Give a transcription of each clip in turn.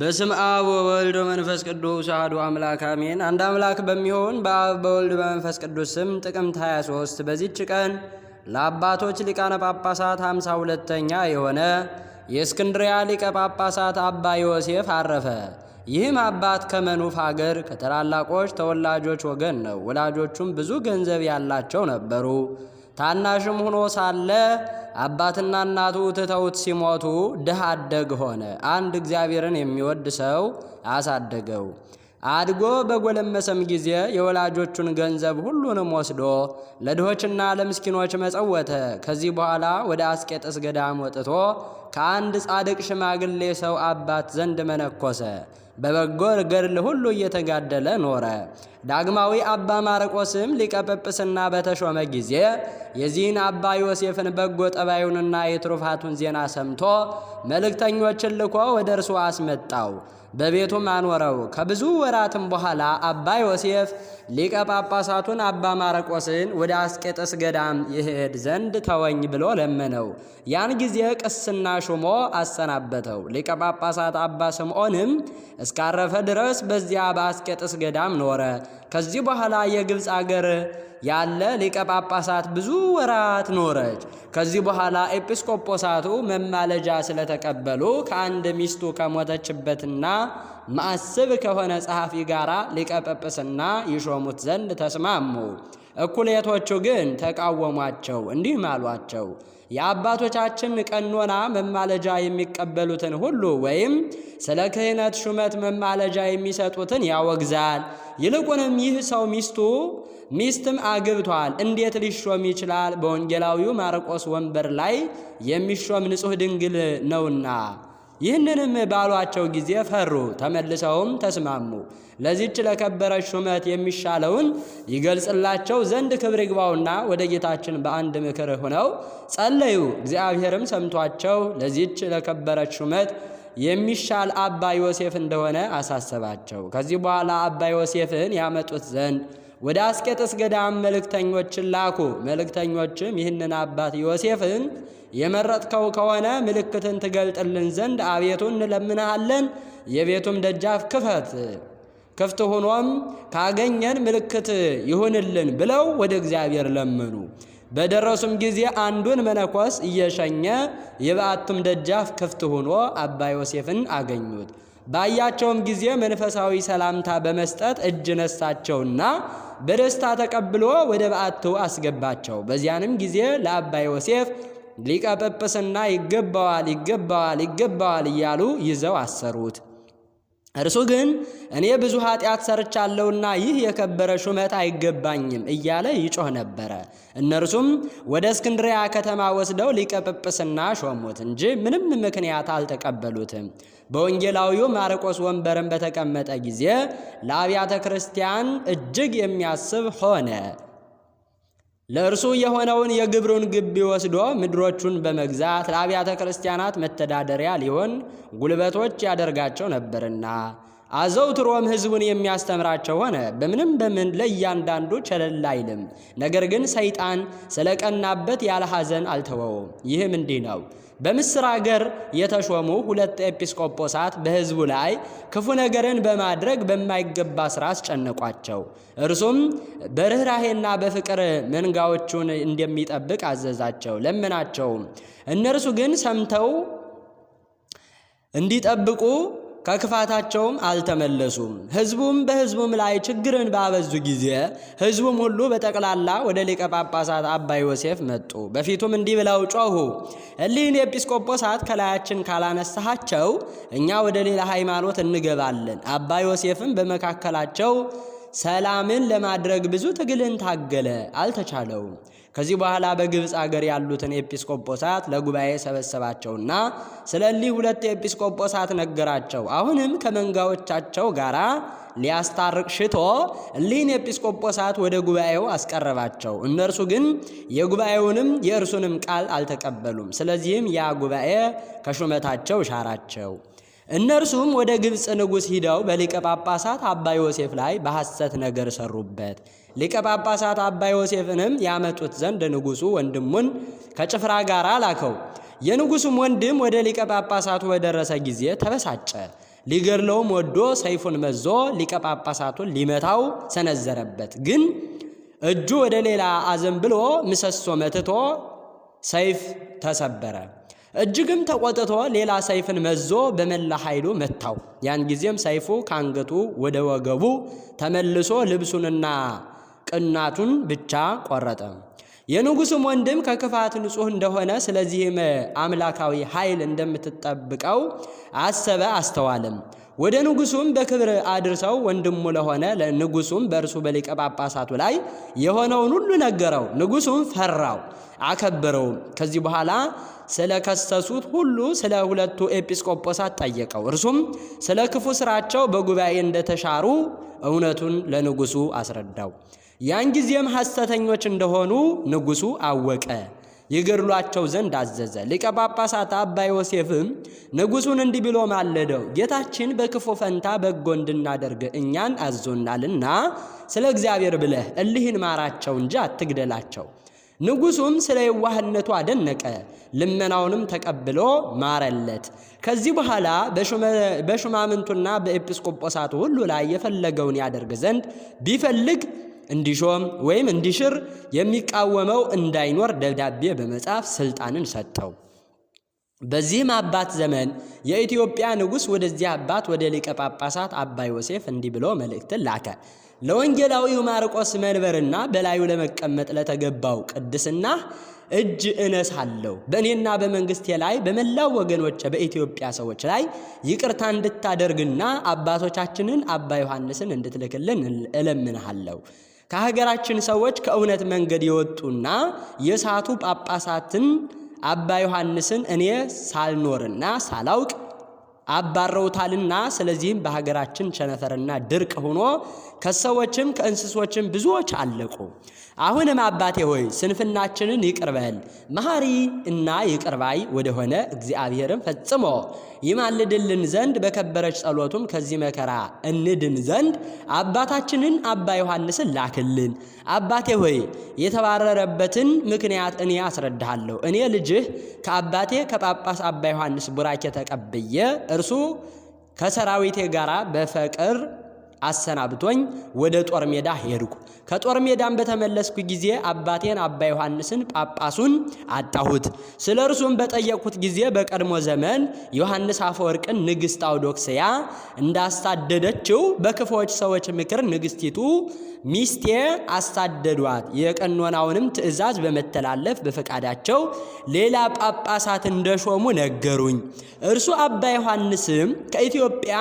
በስም አብ ወወልድ ወመንፈስ ቅዱስ አሐዱ አምላክ አሜን። አንድ አምላክ በሚሆን በአብ በወልድ በመንፈስ ቅዱስ ስም ጥቅምት 23 በዚች ቀን ለአባቶች ሊቃነ ጳጳሳት 52ተኛ የሆነ የእስክንድሪያ ሊቀ ጳጳሳት አባ ዮሴፍ አረፈ። ይህም አባት ከመኑፍ አገር ከተላላቆች ተወላጆች ወገን ነው። ወላጆቹም ብዙ ገንዘብ ያላቸው ነበሩ። ታናሽም ሆኖ ሳለ አባትና እናቱ ትተውት ሲሞቱ ድሃ አደግ ሆነ። አንድ እግዚአብሔርን የሚወድ ሰው አሳደገው። አድጎ በጎለመሰም ጊዜ የወላጆቹን ገንዘብ ሁሉንም ወስዶ ለድሆችና ለምስኪኖች መጸወተ። ከዚህ በኋላ ወደ አስቄጥስ ገዳም ወጥቶ ከአንድ ጻድቅ ሽማግሌ ሰው አባት ዘንድ መነኮሰ። በበጎ ገድል ሁሉ እየተጋደለ ኖረ። ዳግማዊ አባ ማርቆስም ሊቀ ጵጵስና በተሾመ ጊዜ የዚህን አባ ዮሴፍን በጎ ጠባዩንና የትሩፋቱን ዜና ሰምቶ መልእክተኞችን ልኮ ወደ እርሱ አስመጣው፣ በቤቱም አኖረው። ከብዙ ወራትም በኋላ አባ ዮሴፍ ሊቀ ጳጳሳቱን አባ ማርቆስን ወደ አስቄጥስ ገዳም ይሄድ ዘንድ ተወኝ ብሎ ለመነው። ያን ጊዜ ቅስና ሹሞ አሰናበተው። ሊቀ ጳጳሳት አባ ስምዖንም እስካረፈ ድረስ በዚያ በአስቄጥስ ገዳም ኖረ። ከዚህ በኋላ የግብፅ አገር ያለ ሊቀ ጳጳሳት ብዙ ወራት ኖረች። ከዚህ በኋላ ኤጲስቆጶሳቱ መማለጃ ስለተቀበሉ ከአንድ ሚስቱ ከሞተችበትና ማስብ ከሆነ ጸሐፊ ጋር ሊቀ ጵጵስና ይሾሙት ዘንድ ተስማሙ። እኩሌቶቹ ግን ተቃወሟቸው፣ እንዲህም አሏቸው የአባቶቻችን ቀኖና መማለጃ የሚቀበሉትን ሁሉ ወይም ስለ ክህነት ሹመት መማለጃ የሚሰጡትን ያወግዛል። ይልቁንም ይህ ሰው ሚስቱ ሚስትም አግብቷል፣ እንዴት ሊሾም ይችላል? በወንጌላዊው ማርቆስ ወንበር ላይ የሚሾም ንጹሕ ድንግል ነውና ይህንንም ባሏቸው ጊዜ ፈሩ፣ ተመልሰውም ተስማሙ። ለዚች ለከበረች ሹመት የሚሻለውን ይገልጽላቸው ዘንድ ክብር ይግባውና ወደ ጌታችን በአንድ ምክር ሆነው ጸለዩ። እግዚአብሔርም ሰምቷቸው ለዚች ለከበረች ሹመት የሚሻል አባ ዮሴፍ እንደሆነ አሳሰባቸው። ከዚህ በኋላ አባ ዮሴፍን ያመጡት ዘንድ ወደ አስቄጥስ ገዳም መልእክተኞችን ላኩ። መልእክተኞችም ይህንን አባት ዮሴፍን የመረጥከው ከሆነ ምልክትን ትገልጥልን ዘንድ አቤቱ እንለምንሃለን። የቤቱም ደጃፍ ክፈት ክፍት ሆኖም ካገኘን ምልክት ይሁንልን ብለው ወደ እግዚአብሔር ለመኑ። በደረሱም ጊዜ አንዱን መነኮስ እየሸኘ የበዓቱም ደጃፍ ክፍት ሆኖ አባ ዮሴፍን አገኙት። ባያቸውም ጊዜ መንፈሳዊ ሰላምታ በመስጠት እጅ ነሳቸውና በደስታ ተቀብሎ ወደ በዓቱ አስገባቸው። በዚያንም ጊዜ ለአባ ዮሴፍ ሊቀ ጵጵስና ይገባዋል፣ ይገባዋል፣ ይገባዋል እያሉ ይዘው አሰሩት። እርሱ ግን እኔ ብዙ ኃጢአት ሰርቻለሁና ይህ የከበረ ሹመት አይገባኝም እያለ ይጮህ ነበረ። እነርሱም ወደ እስክንድሪያ ከተማ ወስደው ሊቀ ጵጵስና ሾሙት እንጂ ምንም ምክንያት አልተቀበሉትም። በወንጌላዊው ማርቆስ ወንበርን በተቀመጠ ጊዜ ለአብያተ ክርስቲያን እጅግ የሚያስብ ሆነ። ለእርሱ የሆነውን የግብሩን ግቢ ወስዶ ምድሮቹን በመግዛት ለአብያተ ክርስቲያናት መተዳደሪያ ሊሆን ጉልበቶች ያደርጋቸው ነበርና አዘውትሮም ሕዝቡን የሚያስተምራቸው ሆነ። በምንም በምን ለእያንዳንዱ ቸለል አይልም። ነገር ግን ሰይጣን ስለቀናበት ያለ ሐዘን አልተወውም። ይህም እንዲህ ነው። በምስር አገር የተሾሙ ሁለት ኤጲስቆጶሳት በሕዝቡ ላይ ክፉ ነገርን በማድረግ በማይገባ ሥራ አስጨነቋቸው። እርሱም በርኅራሄና በፍቅር መንጋዎቹን እንደሚጠብቅ አዘዛቸው፣ ለመናቸውም። እነርሱ ግን ሰምተው እንዲጠብቁ ከክፋታቸውም አልተመለሱም። ሕዝቡም በሕዝቡም ላይ ችግርን ባበዙ ጊዜ ሕዝቡም ሁሉ በጠቅላላ ወደ ሊቀ ጳጳሳት አባ ዮሴፍ መጡ። በፊቱም እንዲህ ብለው ጮኹ፣ እሊህን ኤጲስቆጶሳት ከላያችን ካላነሳሃቸው እኛ ወደ ሌላ ሃይማኖት እንገባለን። አባ ዮሴፍም በመካከላቸው ሰላምን ለማድረግ ብዙ ትግልን ታገለ፣ አልተቻለውም። ከዚህ በኋላ በግብፅ አገር ያሉትን ኤጲስቆጶሳት ለጉባኤ ሰበሰባቸውና ስለሊህ ሁለት ኤጲስቆጶሳት ነገራቸው። አሁንም ከመንጋዎቻቸው ጋር ሊያስታርቅ ሽቶ እሊህን ኤጲስቆጶሳት ወደ ጉባኤው አስቀረባቸው። እነርሱ ግን የጉባኤውንም የእርሱንም ቃል አልተቀበሉም። ስለዚህም ያ ጉባኤ ከሹመታቸው ሻራቸው። እነርሱም ወደ ግብፅ ንጉሥ ሂደው በሊቀ ጳጳሳት አባ ዮሴፍ ላይ በሐሰት ነገር ሰሩበት። ሊቀ ጳጳሳት አባ ዮሴፍንም ያመጡት ዘንድ ንጉሡ ወንድሙን ከጭፍራ ጋር ላከው። የንጉሡም ወንድም ወደ ሊቀ ጳጳሳቱ በደረሰ ጊዜ ተበሳጨ። ሊገድለውም ወዶ ሰይፉን መዞ ሊቀ ጳጳሳቱን ሊመታው ሰነዘረበት። ግን እጁ ወደ ሌላ አዘን ብሎ ምሰሶ መትቶ ሰይፍ ተሰበረ። እጅግም ተቆጥቶ ሌላ ሰይፍን መዞ በመላ ኃይሉ መታው። ያን ጊዜም ሰይፉ ካንገቱ ወደ ወገቡ ተመልሶ ልብሱንና ቅናቱን ብቻ ቆረጠ። የንጉሥም ወንድም ከክፋት ንጹሕ እንደሆነ ስለዚህም አምላካዊ ኃይል እንደምትጠብቀው አሰበ አስተዋለም። ወደ ንጉሱም በክብር አድርሰው ወንድሙ ለሆነ ንጉሱም በእርሱ በሊቀ ጳጳሳቱ ላይ የሆነውን ሁሉ ነገረው። ንጉሱም ፈራው አከበረውም። ከዚህ በኋላ ስለ ከሰሱት ሁሉ ስለ ሁለቱ ኤጲስቆጶሳት ጠየቀው። እርሱም ስለ ክፉ ስራቸው በጉባኤ እንደተሻሩ እውነቱን ለንጉሱ አስረዳው። ያን ጊዜም ሐሰተኞች እንደሆኑ ንጉሱ አወቀ። ይገድሏቸው ዘንድ አዘዘ። ሊቀ ጳጳሳት አባ ዮሴፍም ንጉሱን እንዲህ ብሎ ማለደው፣ ጌታችን በክፉ ፈንታ በጎ እንድናደርግ እኛን አዞናልና ስለ እግዚአብሔር ብለህ እልህን ማራቸው እንጂ አትግደላቸው። ንጉሱም ስለ የዋህነቱ አደነቀ፣ ልመናውንም ተቀብሎ ማረለት። ከዚህ በኋላ በሹማምንቱና በኤጲስቆጶሳቱ ሁሉ ላይ የፈለገውን ያደርግ ዘንድ ቢፈልግ እንዲሾም ወይም እንዲሽር የሚቃወመው እንዳይኖር ደብዳቤ በመጻፍ ስልጣንን ሰጠው። በዚህም አባት ዘመን የኢትዮጵያ ንጉሥ ወደዚህ አባት ወደ ሊቀ ጳጳሳት አባ ዮሴፍ እንዲህ ብሎ መልእክትን ላከ። ለወንጌላዊው ማርቆስ መንበርና በላዩ ለመቀመጥ ለተገባው ቅድስና እጅ እነሳለሁ። በእኔና በመንግሥቴ ላይ በመላው ወገኖች በኢትዮጵያ ሰዎች ላይ ይቅርታ እንድታደርግና አባቶቻችንን አባ ዮሐንስን እንድትልክልን እለምንሃለሁ። ከሀገራችን ሰዎች ከእውነት መንገድ የወጡና የሳቱ ጳጳሳትን አባ ዮሐንስን እኔ ሳልኖርና ሳላውቅ አባረውታልና ስለዚህም በሀገራችን ቸነፈርና ድርቅ ሆኖ ከሰዎችም ከእንስሶችም ብዙዎች አለቁ። አሁንም አባቴ ሆይ ስንፍናችንን ይቅርበል መሐሪ እና ይቅርባይ ወደሆነ እግዚአብሔርን ፈጽሞ ይማልድልን ዘንድ በከበረች ጸሎቱም ከዚህ መከራ እንድን ዘንድ አባታችንን አባ ዮሐንስን ላክልን። አባቴ ሆይ የተባረረበትን ምክንያት እኔ አስረድሃለሁ። እኔ ልጅህ ከአባቴ ከጳጳስ አባ ዮሐንስ ቡራኬ ተቀብዬ እርሱ ከሰራዊቴ ጋር በፍቅር አሰናብቶኝ ወደ ጦር ሜዳ ሄድኩ። ከጦር ሜዳም በተመለስኩ ጊዜ አባቴን አባ ዮሐንስን ጳጳሱን አጣሁት። ስለ እርሱም በጠየቅኩት ጊዜ በቀድሞ ዘመን ዮሐንስ አፈወርቅን ንግሥት አውዶክስያ እንዳስታደደችው በክፎች ሰዎች ምክር ንግሥቲቱ ሚስቴ አሳደዷት። የቀኖናውንም ትእዛዝ በመተላለፍ በፈቃዳቸው ሌላ ጳጳሳት እንደሾሙ ነገሩኝ። እርሱ አባ ዮሐንስም ከኢትዮጵያ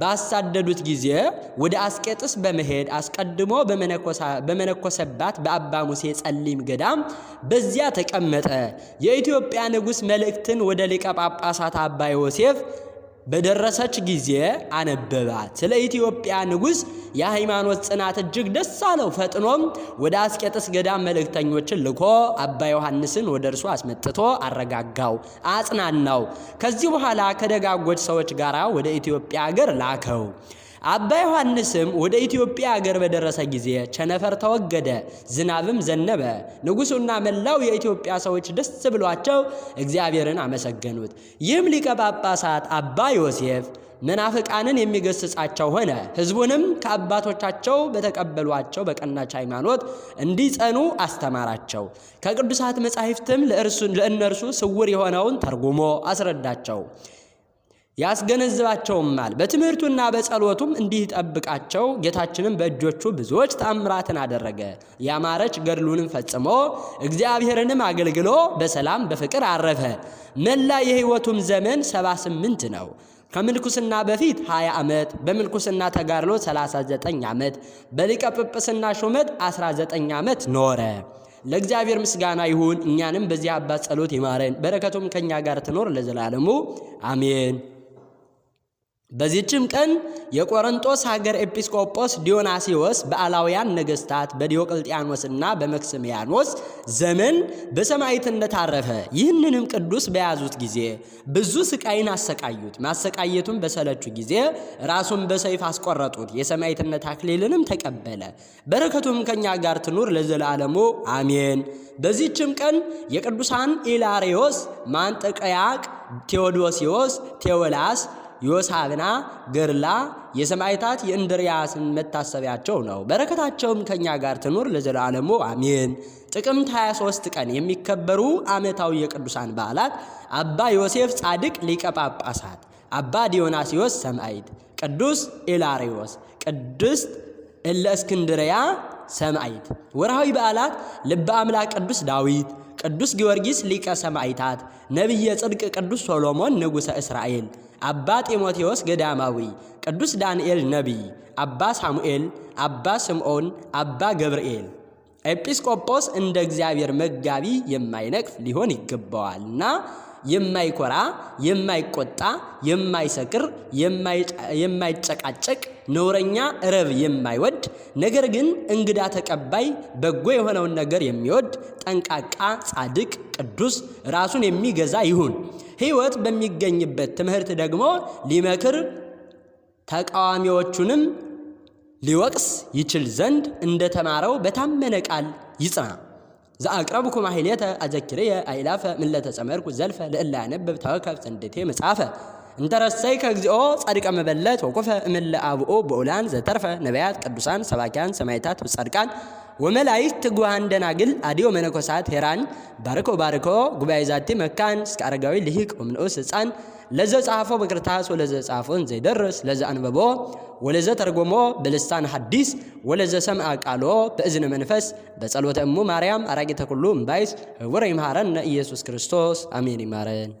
ባሳደዱት ጊዜ ወደ አስቄጥስ በመሄድ አስቀድሞ በመነኮሰባት በአባ ሙሴ ጸሊም ገዳም በዚያ ተቀመጠ። የኢትዮጵያ ንጉሥ መልእክትን ወደ ሊቀ ጳጳሳት አባ ዮሴፍ በደረሰች ጊዜ አነበባት። ስለ ኢትዮጵያ ንጉሥ የሃይማኖት ጽናት እጅግ ደስ አለው። ፈጥኖም ወደ አስቄጥስ ገዳም መልእክተኞችን ልኮ አባ ዮሐንስን ወደ እርሱ አስመጥቶ አረጋጋው፣ አጽናናው። ከዚህ በኋላ ከደጋጎች ሰዎች ጋር ወደ ኢትዮጵያ አገር ላከው። አባ ዮሐንስም ወደ ኢትዮጵያ አገር በደረሰ ጊዜ ቸነፈር ተወገደ፣ ዝናብም ዘነበ። ንጉሱና መላው የኢትዮጵያ ሰዎች ደስ ብሏቸው እግዚአብሔርን አመሰገኑት። ይህም ሊቀ ጳጳሳት አባ ዮሴፍ መናፍቃንን የሚገስጻቸው ሆነ። ሕዝቡንም ከአባቶቻቸው በተቀበሏቸው በቀናች ሃይማኖት እንዲጸኑ አስተማራቸው። ከቅዱሳት መጻሕፍትም ለእነርሱ ስውር የሆነውን ተርጉሞ አስረዳቸው። ያስገነዝባቸውማል። በትምህርቱና በጸሎቱም እንዲህ ጠብቃቸው። ጌታችንም በእጆቹ ብዙዎች ታምራትን አደረገ። ያማረች ገድሉንም ፈጽሞ እግዚአብሔርንም አገልግሎ በሰላም በፍቅር አረፈ። መላ የሕይወቱም ዘመን ሰባ ስምንት ነው። ከምልኩስና በፊት 20 ዓመት፣ በምልኩስና ተጋድሎ 39 ዓመት፣ በሊቀ ጵጵስና ሹመት 19 ዓመት ኖረ። ለእግዚአብሔር ምስጋና ይሁን። እኛንም በዚህ አባት ጸሎት ይማረን፣ በረከቱም ከእኛ ጋር ትኖር ለዘላለሙ አሜን። በዚህችም ቀን የቆረንጦስ ሀገር ኤጲስቆጶስ ዲዮናሲዎስ በአላውያን ነገሥታት እና በመክስሚያኖስ ዘመን በሰማዕትነት አረፈ። ይህንንም ቅዱስ በያዙት ጊዜ ብዙ ስቃይን አሰቃዩት። ማሰቃየቱን በሰለቹ ጊዜ ራሱን በሰይፍ አስቆረጡት። የሰማዕትነት አክሊልንም ተቀበለ። በረከቱም ከእኛ ጋር ትኑር ለዘላለሙ አሜን። በዚህችም ቀን የቅዱሳን ኢላሪዮስ፣ ማንጠቀያቅ፣ ቴዎዶሲዎስ፣ ቴዎላስ ዮሳብና ገርላ የሰማይታት የእንድርያስን መታሰቢያቸው ነው። በረከታቸውም ከእኛ ጋር ትኑር ለዘላለሙ አሜን። ጥቅምት 23 ቀን የሚከበሩ ዓመታዊ የቅዱሳን በዓላት አባ ዮሴፍ ጻድቅ ሊቀ ጳጳሳት፣ አባ ዲዮናሲዮስ ሰማይት ቅዱስ ኢላሪዮስ፣ ቅድስት እለእስክንድርያ እስክንድርያ ሰማዕት። ወርሃዊ በዓላት ልበ አምላክ ቅዱስ ዳዊት፣ ቅዱስ ጊዮርጊስ ሊቀ ሰማዕታት፣ ነቢየ ጽድቅ ቅዱስ ሶሎሞን ንጉሠ እስራኤል፣ አባ ጢሞቴዎስ ገዳማዊ፣ ቅዱስ ዳንኤል ነቢይ፣ አባ ሳሙኤል፣ አባ ስምዖን፣ አባ ገብርኤል። ኤጲስቆጶስ እንደ እግዚአብሔር መጋቢ የማይነቅፍ ሊሆን ይገባዋልና የማይኮራ፣ የማይቆጣ፣ የማይሰክር፣ የማይጨቃጨቅ ነውረኛ ረብ የማይወድ ነገር ግን እንግዳ ተቀባይ በጎ የሆነውን ነገር የሚወድ ጠንቃቃ፣ ጻድቅ፣ ቅዱስ ራሱን የሚገዛ ይሁን። ሕይወት በሚገኝበት ትምህርት ደግሞ ሊመክር ተቃዋሚዎቹንም ሊወቅስ ይችል ዘንድ እንደተማረው በታመነ ቃል ይጽና። ዘአቅረብኩም አሒሌተ አዘኪርየ አይላፈ ምለተጸመርኩ ዘልፈ ለእላ ያነበብ ተወከብ ጽንደቴ መጽሐፈ እንተረሰይ እግዚኦ ጻድቀ መበለት ወቁፈ እምለ አብኦ በኡላን ዘተርፈ ነቢያት ቅዱሳን ሰባኪያን ሰማይታት ጻድቃን ወመላይክ ትጉሃን ደናግል አዲዮ መነኮሳት ሄራን ባርኮ ባርኮ ጉባኤ ዛቲ መካን እስከ አረጋዊ ልሂቅ ወምንኡስ ህፃን ለዘ ጻፎ በክርታስ ወለዘ ጻፎን ዘይደርስ ለዘ አንበቦ ወለዘ ተርጎሞ በልሳን ሐዲስ ወለዘ ሰምዐ ቃሎ በእዝነ መንፈስ በጸሎተ እሙ ማርያም አራቂ ተኩሉ እምባይስ ህቡረ ይምሃረነ ኢየሱስ ክርስቶስ አሜን። ይማረን።